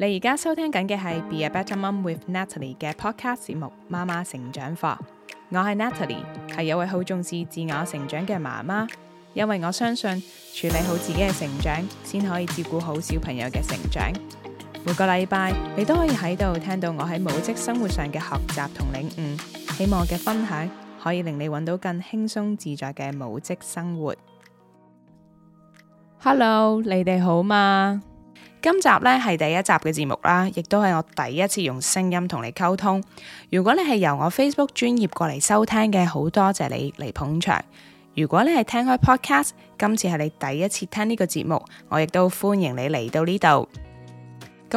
你而家收聽緊嘅係《Be a Better Mom with Natalie》嘅 Podcast 節目《媽媽成長課》，我係 Natalie，係一位好重視自我成長嘅媽媽，因為我相信處理好自己嘅成長，先可以照顧好小朋友嘅成長。每個禮拜你都可以喺度聽到我喺母職生活上嘅學習同領悟，希望我嘅分享可以令你揾到更輕鬆自在嘅母職生活。Hello，你哋好嗎？今集咧係第一集嘅節目啦，亦都係我第一次用聲音同你溝通。如果你係由我 Facebook 專頁過嚟收聽嘅，好多謝你嚟捧場。如果你係聽開 Podcast，今次係你第一次聽呢個節目，我亦都歡迎你嚟到呢度。咁，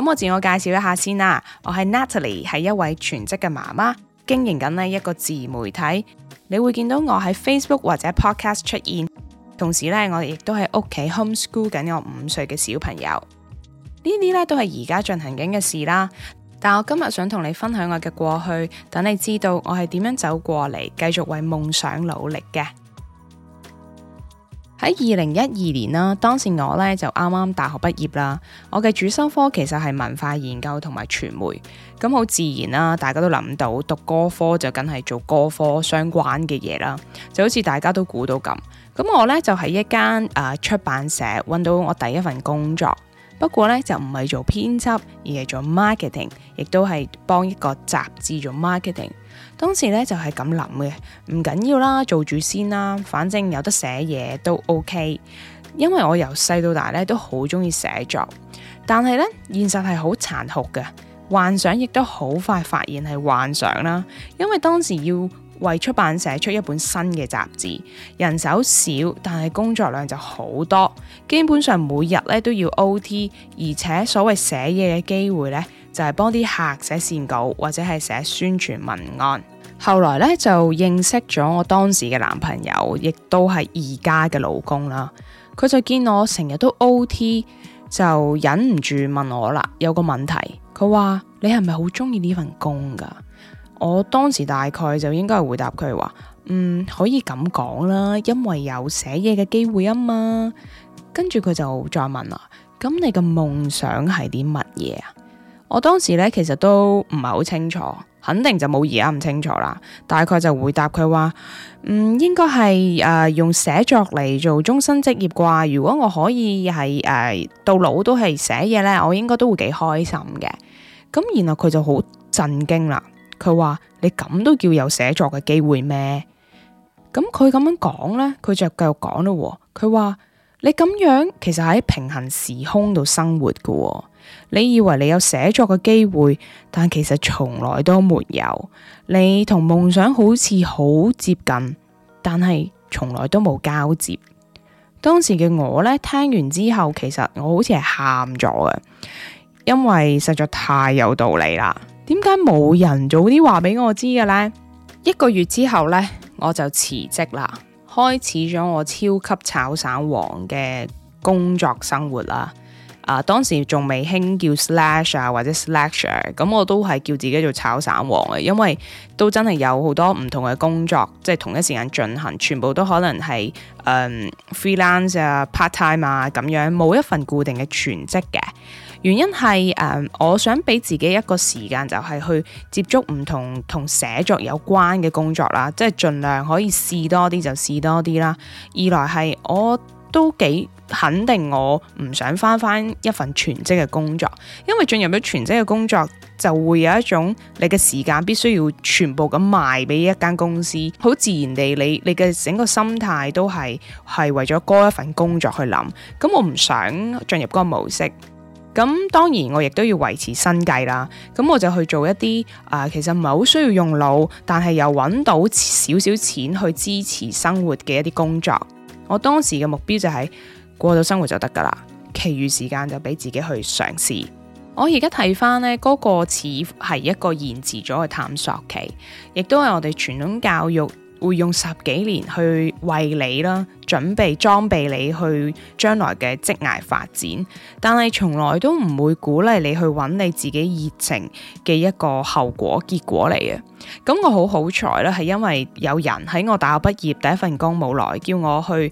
嗯，我自我介紹一下先啦，我係 Natalie，係一位全職嘅媽媽，經營緊咧一個自媒體。你會見到我喺 Facebook 或者 Podcast 出現，同時咧我亦都喺屋企 homeschool 緊我五歲嘅小朋友。呢啲咧都係而家進行緊嘅事啦。但我今日想同你分享我嘅過去，等你知道我係點樣走過嚟，繼續為夢想努力嘅。喺二零一二年啦，當時我呢就啱啱大學畢業啦。我嘅主修科其實係文化研究同埋傳媒，咁、嗯、好自然啦，大家都諗到讀嗰科就梗係做嗰科相關嘅嘢啦，就好似大家都估到咁。咁、嗯、我呢就喺一間誒、呃、出版社揾到我第一份工作。不過咧就唔係做編輯，而係做 marketing，亦都係幫一個雜誌做 marketing。當時咧就係咁諗嘅，唔緊要啦，做住先啦，反正有得寫嘢都 OK。因為我由細到大咧都好中意寫作，但係咧現實係好殘酷嘅，幻想亦都好快發現係幻想啦。因為當時要為出版社出一本新嘅雜誌，人手少，但係工作量就好多。基本上每日咧都要 OT，而且所謂寫嘢嘅機會咧，就係幫啲客寫線稿或者係寫宣傳文案。後來咧就認識咗我當時嘅男朋友，亦都係而家嘅老公啦。佢就見我成日都 OT，就忍唔住問我啦，有個問題，佢話你係咪好中意呢份工噶？我當時大概就應該回答佢話，嗯，可以咁講啦，因為有寫嘢嘅機會啊嘛。跟住佢就再問啦，咁、嗯、你嘅夢想係啲乜嘢啊？我當時咧其實都唔係好清楚，肯定就冇而家咁清楚啦。大概就回答佢話，嗯，應該係誒、呃、用寫作嚟做終身職業啩。如果我可以係誒、呃、到老都係寫嘢咧，我應該都會幾開心嘅。咁然後佢就好震驚啦。佢話：你咁都叫有寫作嘅機會咩？咁佢咁樣講呢，佢就繼續講咯、哦。佢話：你咁樣其實喺平行時空度生活嘅、哦。你以為你有寫作嘅機會，但其實從來都沒有。你同夢想好似好接近，但係從來都冇交接。當時嘅我呢，聽完之後，其實我好似係喊咗嘅，因為實在太有道理啦。點解冇人早啲話俾我知嘅咧？一個月之後咧，我就辭職啦，開始咗我超級炒散王嘅工作生活啦。啊、呃，當時仲未興叫 slash 啊或者 slasher，咁、啊嗯、我都係叫自己做炒散王嘅，因為都真係有好多唔同嘅工作，即係同一時間進行，全部都可能係誒、呃、freelance 啊 part time 啊咁樣，冇一份固定嘅全職嘅。原因係誒、呃，我想俾自己一個時間，就係去接觸唔同同寫作有關嘅工作啦，即係盡量可以試多啲就試多啲啦。二來係我都幾肯定，我唔想返返一份全職嘅工作，因為進入咗全職嘅工作就會有一種你嘅時間必須要全部咁賣俾一間公司，好自然地你你嘅整個心態都係係為咗嗰一份工作去諗。咁我唔想進入嗰個模式。咁當然我亦都要維持生計啦，咁我就去做一啲啊、呃、其實唔係好需要用腦，但係又揾到少少錢去支持生活嘅一啲工作。我當時嘅目標就係過咗生活就得㗎喇，其餘時間就俾自己去嘗試。我而家睇返呢嗰、嗰個似係一個延遲咗嘅探索期，亦都係我哋傳統教育。會用十幾年去為你啦，準備裝備你去將來嘅職涯發展，但係從來都唔會鼓勵你去揾你自己熱情嘅一個後果結果嚟嘅。咁我好好彩啦，係因為有人喺我大學畢業第一份工冇耐，叫我去。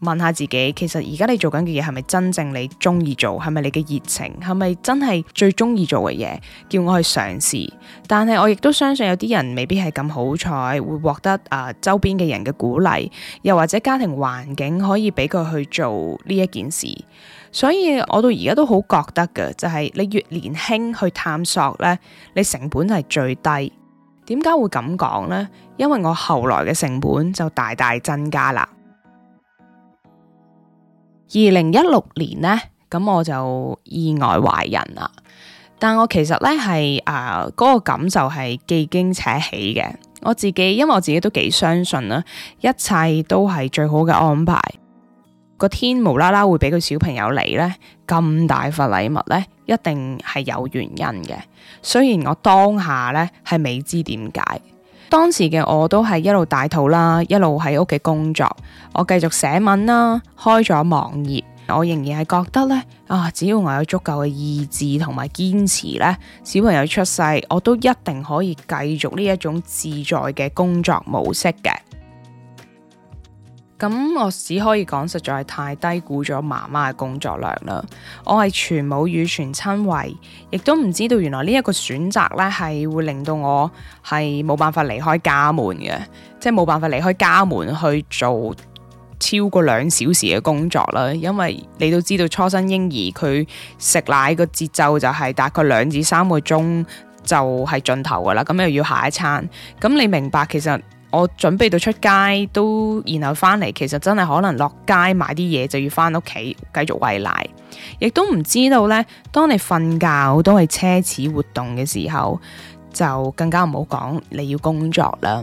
問下自己，其實而家你做緊嘅嘢係咪真正你中意做？係咪你嘅熱情？係咪真係最中意做嘅嘢？叫我去嘗試。但係我亦都相信有啲人未必係咁好彩，會獲得誒、呃、周邊嘅人嘅鼓勵，又或者家庭環境可以俾佢去做呢一件事。所以我到而家都好覺得嘅就係、是、你越年輕去探索呢，你成本係最低。點解會咁講呢？因為我後來嘅成本就大大增加啦。二零一六年呢，咁我就意外懷孕啦。但我其實呢，係誒嗰個感受係既驚且喜嘅。我自己因為我自己都幾相信啦，一切都係最好嘅安排。個天無啦啦會俾個小朋友嚟呢，咁大份禮物呢，一定係有原因嘅。雖然我當下呢，係未知點解。當時嘅我都係一路大肚啦，一路喺屋企工作，我繼續寫文啦，開咗網頁，我仍然係覺得呢啊，只要我有足夠嘅意志同埋堅持呢，小朋友出世，我都一定可以繼續呢一種自在嘅工作模式嘅。咁我只可以講，實在係太低估咗媽媽嘅工作量啦。我係全母乳全親餵，亦都唔知道原來呢一個選擇咧係會令到我係冇辦法離開家門嘅，即係冇辦法離開家門去做超過兩小時嘅工作啦。因為你都知道初生嬰兒佢食奶個節奏就係大概兩至三個鐘就係盡頭噶啦，咁又要下一餐。咁你明白其實？我準備到出街都，然後翻嚟，其實真係可能落街買啲嘢就要翻屋企繼續餵奶，亦都唔知道呢，當你瞓覺都係奢侈活動嘅時候，就更加唔好講你要工作啦。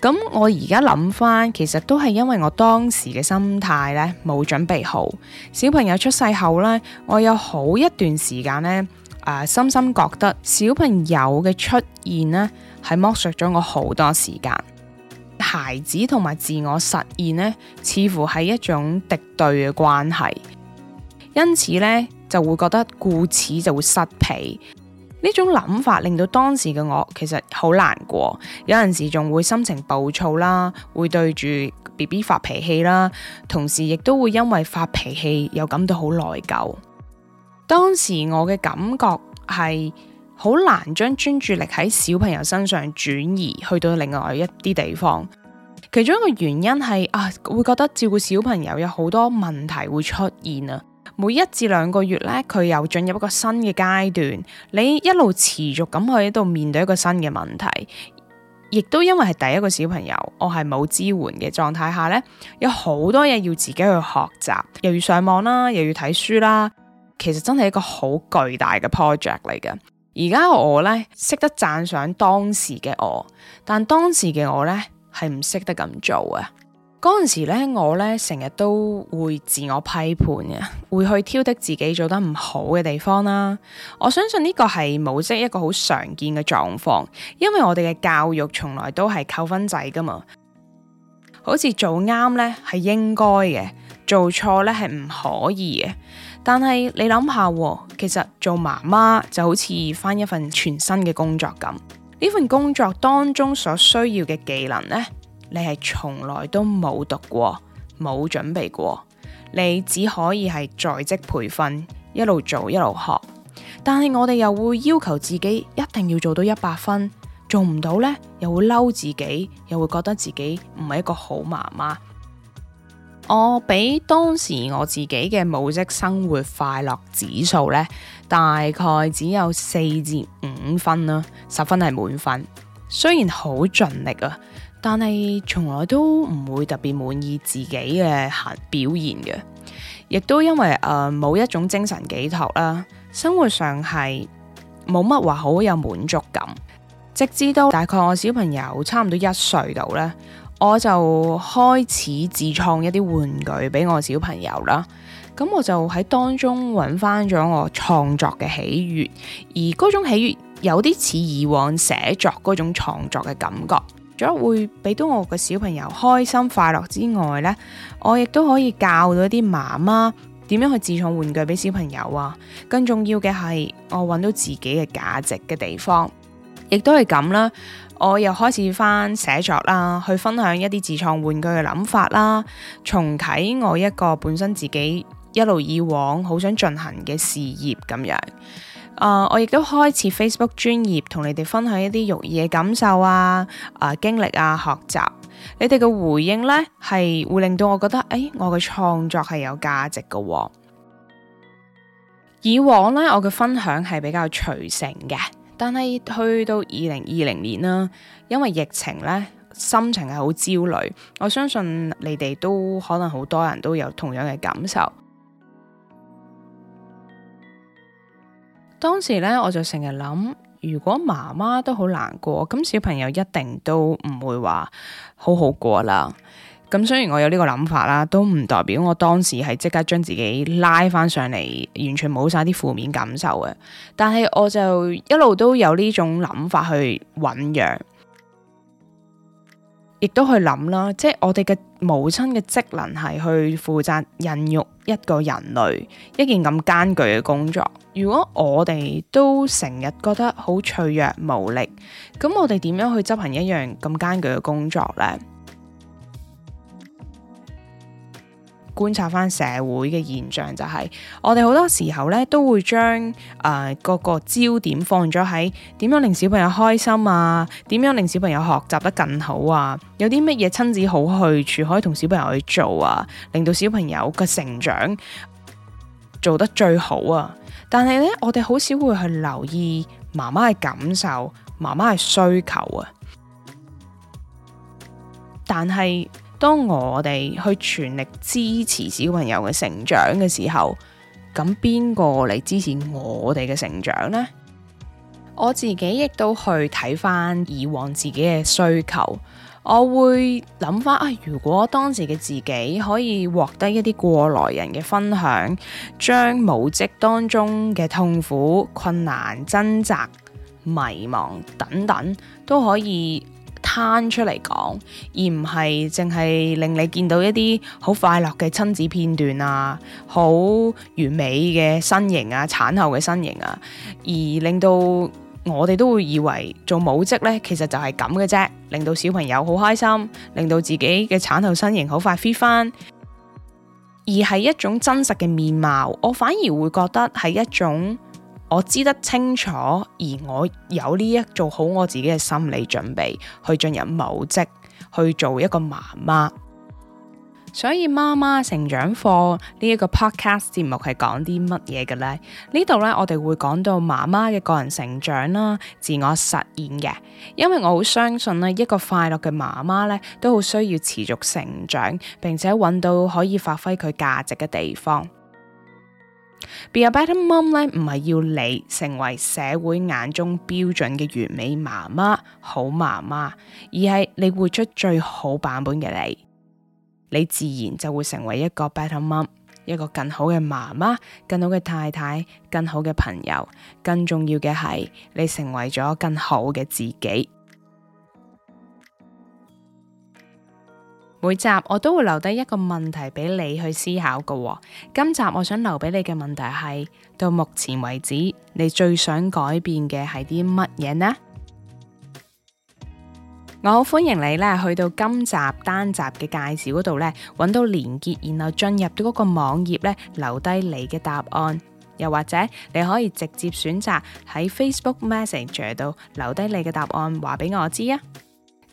咁我而家諗翻，其實都係因為我當時嘅心態呢，冇準備好。小朋友出世後呢，我有好一段時間呢，啊、呃、深深覺得小朋友嘅出現呢係剝削咗我好多時間。孩子同埋自我實現呢，似乎係一種敵對嘅關係，因此呢就會覺得顧此就會失彼。呢種諗法令到當時嘅我其實好難過，有陣時仲會心情暴躁啦，會對住 BB 發脾氣啦，同時亦都會因為發脾氣又感到好內疚。當時我嘅感覺係。好難將專注力喺小朋友身上轉移去到另外一啲地方，其中一個原因係啊，會覺得照顧小朋友有好多問題會出現啊。每一至兩個月咧，佢又進入一個新嘅階段，你一路持續咁去喺度面對一個新嘅問題，亦都因為係第一個小朋友，我係冇支援嘅狀態下咧，有好多嘢要自己去學習，又要上網啦，又要睇書啦，其實真係一個好巨大嘅 project 嚟嘅。而家我呢識得讚賞當時嘅我，但當時嘅我呢係唔識得咁做啊！嗰陣時呢我呢成日都會自我批判嘅，會去挑剔自己做得唔好嘅地方啦、啊。我相信呢個係冇識一個好常見嘅狀況，因為我哋嘅教育從來都係扣分制噶嘛，好似做啱呢係應該嘅，做錯呢係唔可以嘅。但係你諗下，其實做媽媽就好似返一份全新嘅工作咁。呢份工作當中所需要嘅技能呢，你係從來都冇讀過、冇準備過。你只可以係在職培訓，一路做一路學。但係我哋又會要求自己一定要做到一百分，做唔到呢，又會嬲自己，又會覺得自己唔係一個好媽媽。我比當時我自己嘅母職生活快樂指數呢，大概只有四至五分啦、啊，十分係滿分。雖然好盡力啊，但係從來都唔會特別滿意自己嘅表現嘅，亦都因為誒冇、呃、一種精神寄託啦、啊。生活上係冇乜話好有滿足感，直至到大概我小朋友差唔多一歲度呢。我就開始自創一啲玩具俾我小朋友啦，咁我就喺當中揾翻咗我創作嘅喜悅，而嗰種喜悅有啲似以往寫作嗰種創作嘅感覺，除咗會俾到我嘅小朋友開心快樂之外呢，我亦都可以教到一啲媽媽點樣去自創玩具俾小朋友啊，更重要嘅係我揾到自己嘅價值嘅地方。亦都係咁啦，我又開始翻寫作啦，去分享一啲自創玩具嘅諗法啦，重啟我一個本身自己一路以往好想進行嘅事業咁樣。啊、呃，我亦都開始 Facebook 專頁同你哋分享一啲育兒嘅感受啊、啊經歷啊、學習。你哋嘅回應呢，係會令到我覺得，誒、哎，我嘅創作係有價值嘅、啊。以往呢，我嘅分享係比較隨性嘅。但係去到二零二零年啦，因為疫情咧，心情係好焦慮。我相信你哋都可能好多人都有同樣嘅感受。 當時咧，我就成日諗，如果媽媽都好難過，咁小朋友一定都唔會話好好過啦。咁雖然我有呢個諗法啦，都唔代表我當時係即刻將自己拉翻上嚟，完全冇晒啲負面感受嘅。但係我就一路都有呢種諗法去醞釀，亦都去諗啦。即係我哋嘅母親嘅職能係去負責孕育一個人類，一件咁艱巨嘅工作。如果我哋都成日覺得好脆弱無力，咁我哋點樣去執行一樣咁艱巨嘅工作呢？觀察翻社會嘅現象就係、是，我哋好多時候咧都會將誒、呃、各個焦點放咗喺點樣令小朋友開心啊，點樣令小朋友學習得更好啊，有啲乜嘢親子好去處可以同小朋友去做啊，令到小朋友嘅成長做得最好啊。但係咧，我哋好少會去留意媽媽嘅感受，媽媽嘅需求啊。但係。當我哋去全力支持小朋友嘅成長嘅時候，咁邊個嚟支持我哋嘅成長呢？我自己亦都去睇返以往自己嘅需求，我會諗返啊，如果當時嘅自己可以獲得一啲過來人嘅分享，將母職當中嘅痛苦、困難、掙扎、迷茫等等，都可以。攤出嚟講，而唔係淨係令你見到一啲好快樂嘅親子片段啊，好完美嘅身形啊，產後嘅身形啊，而令到我哋都會以為做母職呢，其實就係咁嘅啫，令到小朋友好開心，令到自己嘅產後身形好快 fit 翻，而係一種真實嘅面貌，我反而會覺得係一種。我知得清楚，而我有呢一做好我自己嘅心理準備，去進入母職，去做一個媽媽。所以媽媽成長課呢一個 podcast 節目係講啲乜嘢嘅呢？呢度呢，我哋會講到媽媽嘅個人成長啦，自我實現嘅。因為我好相信呢一個快樂嘅媽媽呢，都好需要持續成長，並且揾到可以發揮佢價值嘅地方。Be a better mom 咧，唔係要你成為社會眼中標準嘅完美媽媽、好媽媽，而係你活出最好版本嘅你，你自然就會成為一個 better mom，一個更好嘅媽媽、更好嘅太太、更好嘅朋友，更重要嘅係你成為咗更好嘅自己。每集我都會留低一個問題俾你去思考㗎喎。今集我想留俾你嘅問題係：到目前為止，你最想改變嘅係啲乜嘢呢？我好歡迎你咧去到今集單集嘅介紹嗰度咧，揾到連結，然後進入到嗰個網頁咧，留低你嘅答案。又或者你可以直接選擇喺 Facebook Messenger 度留低你嘅答案，話俾我知啊！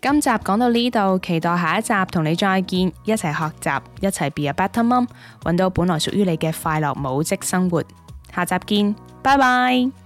今集講到呢度，期待下一集同你再見，一齊學習，一齊 Be a better mom，搵到本來屬於你嘅快樂母職生活。下集見，拜拜。